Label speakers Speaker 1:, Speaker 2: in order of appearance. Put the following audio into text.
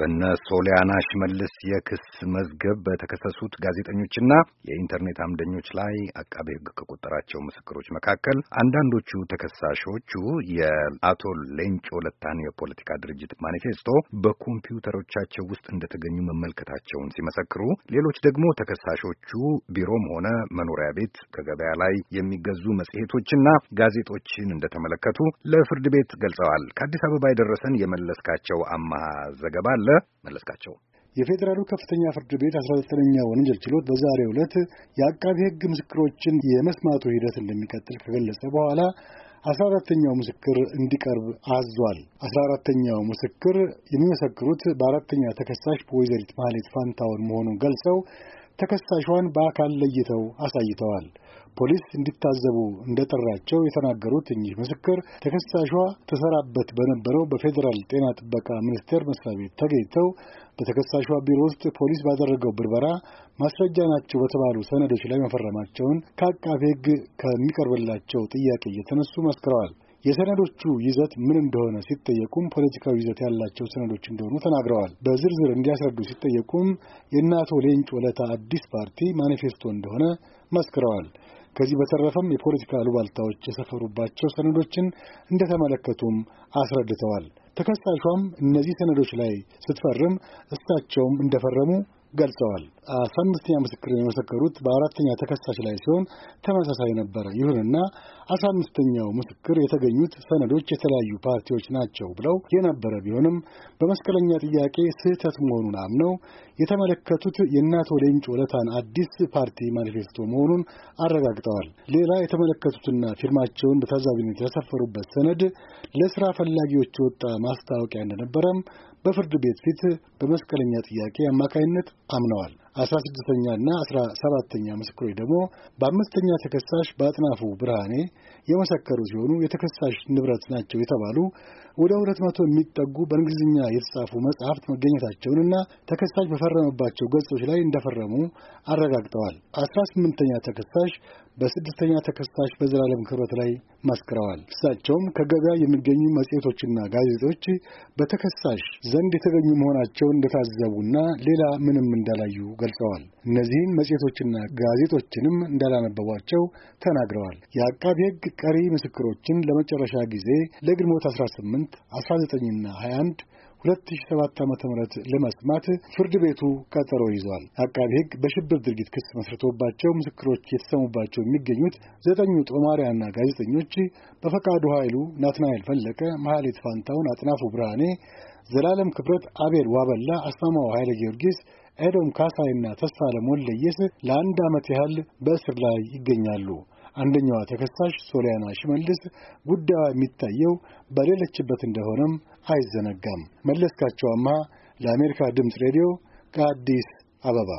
Speaker 1: በነ ሶሊያና ሽመልስ የክስ መዝገብ በተከሰሱት ጋዜጠኞችና የኢንተርኔት አምደኞች ላይ አቃቤ ሕግ ከቆጠራቸው ምስክሮች መካከል አንዳንዶቹ ተከሳሾቹ የአቶ ሌንጮ ለታን የፖለቲካ ድርጅት ማኒፌስቶ በኮምፒውተሮቻቸው ውስጥ እንደተገኙ መመልከታቸውን ሲመሰክሩ፣ ሌሎች ደግሞ ተከሳሾቹ ቢሮም ሆነ መኖሪያ ቤት ከገበያ ላይ የሚገዙ መጽሔቶችና ጋዜጦችን እንደተመለከቱ ለፍርድ ቤት ገልጸዋል። ከአዲስ አበባ የደረሰን የመለስካቸው አማሃ ዘገባ
Speaker 2: አለ። መለስካቸው የፌዴራሉ ከፍተኛ ፍርድ ቤት አስራ ኛ ወንጀል ችሎት በዛሬው ዕለት የአቃቢ ሕግ ምስክሮችን የመስማቱ ሂደት እንደሚቀጥል ከገለጸ በኋላ አስራ አራተኛው ምስክር እንዲቀርብ አዟል። አስራ አራተኛው ምስክር የሚመሰክሩት በአራተኛ ተከሳሽ በወይዘሪት ማህሌት ፋንታውን መሆኑን ገልጸው ተከሳሿን በአካል ለይተው አሳይተዋል። ፖሊስ እንዲታዘቡ እንደጠራቸው የተናገሩት እኚህ ምስክር ተከሳሿ ተሰራበት በነበረው በፌዴራል ጤና ጥበቃ ሚኒስቴር መስሪያ ቤት ተገኝተው በተከሳሿ ቢሮ ውስጥ ፖሊስ ባደረገው ብርበራ ማስረጃ ናቸው በተባሉ ሰነዶች ላይ መፈረማቸውን ከአቃቤ ሕግ ከሚቀርብላቸው ጥያቄ እየተነሱ መስክረዋል። የሰነዶቹ ይዘት ምን እንደሆነ ሲጠየቁም ፖለቲካዊ ይዘት ያላቸው ሰነዶች እንደሆኑ ተናግረዋል። በዝርዝር እንዲያስረዱ ሲጠየቁም የእነ አቶ ሌንጮ ለታ አዲስ ፓርቲ ማኒፌስቶ እንደሆነ መስክረዋል። ከዚህ በተረፈም የፖለቲካ አሉባልታዎች የሰፈሩባቸው ሰነዶችን እንደተመለከቱም አስረድተዋል። ተከሳሿም እነዚህ ሰነዶች ላይ ስትፈርም እሳቸውም እንደፈረሙ ገልጸዋል። አስራ አምስተኛ ምስክር የመሰከሩት በአራተኛ ተከሳሽ ላይ ሲሆን ተመሳሳይ ነበረ። ይሁንና አስራ አምስተኛው ምስክር የተገኙት ሰነዶች የተለያዩ ፓርቲዎች ናቸው ብለው የነበረ ቢሆንም በመስቀለኛ ጥያቄ ስህተት መሆኑን አምነው የተመለከቱት የእናቶ ሌንጮ ለታን አዲስ ፓርቲ ማኒፌስቶ መሆኑን አረጋግጠዋል። ሌላ የተመለከቱትና ፊርማቸውን በታዛቢነት ያሰፈሩበት ሰነድ ለስራ ፈላጊዎች የወጣ ማስታወቂያ እንደነበረም በፍርድ ቤት ፊት በመስቀለኛ ጥያቄ አማካይነት አምነዋል። አስራ ስድስተኛና አስራ ሰባተኛ ምስክሮች ደግሞ በአምስተኛ ተከሳሽ በአጥናፉ ብርሃኔ የመሰከሩ ሲሆኑ የተከሳሽ ንብረት ናቸው የተባሉ ወደ ሁለት መቶ የሚጠጉ በእንግሊዝኛ የተጻፉ መጽሐፍት መገኘታቸውንና ተከሳሽ በፈረመባቸው ገጾች ላይ እንደፈረሙ አረጋግጠዋል። አስራ ስምንተኛ ተከሳሽ በስድስተኛ ተከሳሽ በዘላለም ክብረት ላይ መስክረዋል። እሳቸውም ከገበያ የሚገኙ መጽሔቶችና ጋዜጦች በተከሳሽ ዘንድ የተገኙ መሆናቸውን እንደታዘቡና ሌላ ምንም እንዳላዩ ገልጸዋል። እነዚህን መጽሔቶችና ጋዜጦችንም እንዳላነበቧቸው ተናግረዋል። የአቃቤ ሕግ ቀሪ ምስክሮችን ለመጨረሻ ጊዜ ለግንቦት 18፣ 19ና 21 2007 ዓ.ም ለመስማት ፍርድ ቤቱ ቀጠሮ ይዟል። አቃቢ ሕግ በሽብር ድርጊት ክስ መስርቶባቸው ምስክሮች የተሰሙባቸው የሚገኙት ዘጠኙ ጦማሪያና ጋዜጠኞች በፈቃዱ ኃይሉ፣ ናትናኤል ፈለቀ፣ መሐሌት ፋንታውን፣ አጥናፉ ብርሃኔ፣ ዘላለም ክብረት፣ አቤል ዋበላ፣ አስማማው ኃይለ ጊዮርጊስ ኤዶም ካሳይና ተስፋለም ወልደየስ ለአንድ ዓመት ያህል በእስር ላይ ይገኛሉ። አንደኛዋ ተከሳሽ ሶሊያና ሽመልስ ጉዳዩ የሚታየው በሌለችበት እንደሆነም አይዘነጋም። መለስካቸው አምሃ ለአሜሪካ ድምፅ ሬዲዮ ከአዲስ አበባ